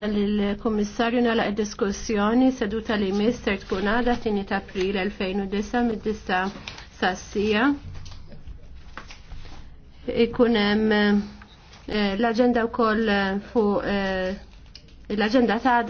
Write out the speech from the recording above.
l-Komissarju nala diskussjoni seduta li mister tkun għada tini ta' april 2009 mid-dista sassija. Ikunem l-agenda u koll fu l-agenda ta'